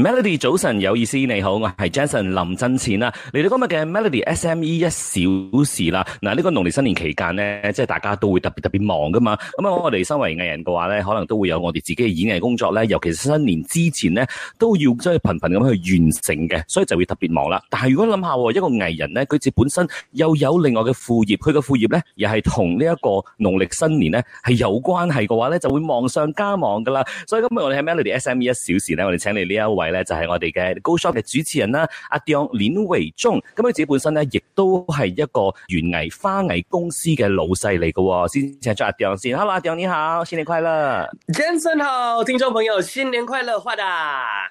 Melody 早晨有意思，你好，我係 Jason 林振錢啦。嚟到今日嘅 Melody SME 一小時啦。嗱，呢個農曆新年期間咧，即係大家都會特別特別忙噶嘛。咁啊，我哋身為藝人嘅話咧，可能都會有我哋自己嘅演藝工作咧，尤其是新年之前咧，都要即係頻頻咁去完成嘅，所以就會特別忙啦。但係如果諗下一個藝人咧，佢自本身又有另外嘅副業，佢嘅副業咧，又係同呢一個農曆新年咧係有關係嘅話咧，就會忙上加忙噶啦。所以今日我哋喺 Melody SME 一小時咧，我哋請嚟呢一位。咧就係我哋嘅高商嘅主持人啦、啊，阿 Donald 林維忠，咁佢自己本身咧亦都係一個園藝花藝公司嘅老細嚟噶喎，先介出阿 Donald 先，Hello 阿 d 你好，新年快樂，Jason 好，聽眾朋友新年快樂，快啦！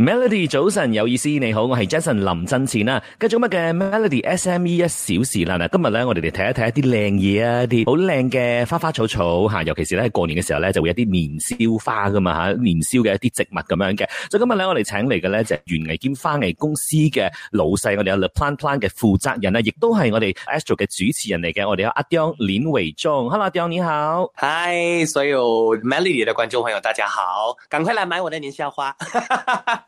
Melody 早晨有意思，你好，我係 Jason 林振前啦，繼續乜嘅 Melody S M E 一小時啦嗱，今日咧我哋嚟睇一睇一啲靚嘢啊，一啲好靚嘅花花草草吓，尤其是咧過年嘅時候咧就會有啲年宵花噶嘛吓，年宵嘅一啲植物咁樣嘅，所以今日咧我哋請嚟嘅咧就係園藝兼花藝公司嘅老細，我哋有 Leplan Plan 嘅負責人啦，亦都係我哋 Astro 嘅主持人嚟嘅，我哋有阿 Dion 刁鏈維忠，Hello，阿 Dion 你好，Hi，所有 Melody 嘅觀眾朋友，大家好，趕快嚟買我嘅年宵花。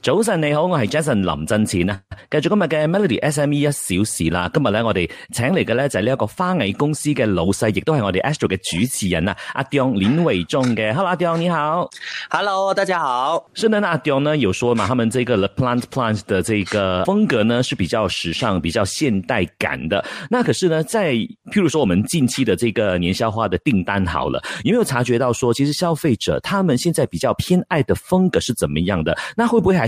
早晨你好，我係 Jason 林振前啊，繼續今日嘅 Melody SME 一小時啦。今日咧我哋請嚟嘅咧就係呢一個花藝公司嘅老細，亦都係我哋 Astro 嘅主持人啦、啊，阿刁林偉忠嘅。Hello 阿刁你好，Hello 大家好。是呢，阿刁呢有說嘛，他們這個 The Plant Plants 的這個風格呢是比較時尚、比較現代感的。那可是呢，在譬如說我們近期的這個年宵花的訂單好了，有沒有察覺到說，其實消費者他們現在比較偏愛的風格是怎麼樣的？那會不會還？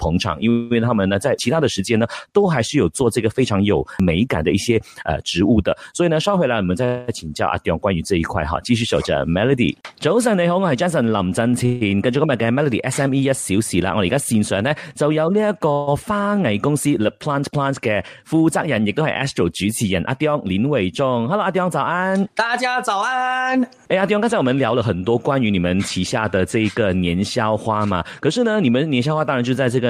捧場，因為他們呢，在其他的時間呢，都還是有做這個非常有美感的一些誒、呃、植物的。所以呢，稍回來我們再請教阿刁關於這一塊哈。繼續守着 Melody，早晨你好，我係 Jason 林真前，跟住今日嘅 Melody SME 一小時啦。我哋而家線上呢就有呢一個花藝公司 The Plant Plants 嘅負責人，亦都係 Astro 主持人阿刁林偉忠。Hello，阿刁早安，大家早安。誒、哎，阿刁，剛才我們聊了很多關於你們旗下的這一個年宵花嘛，可是呢，你們年宵花當然就在這個。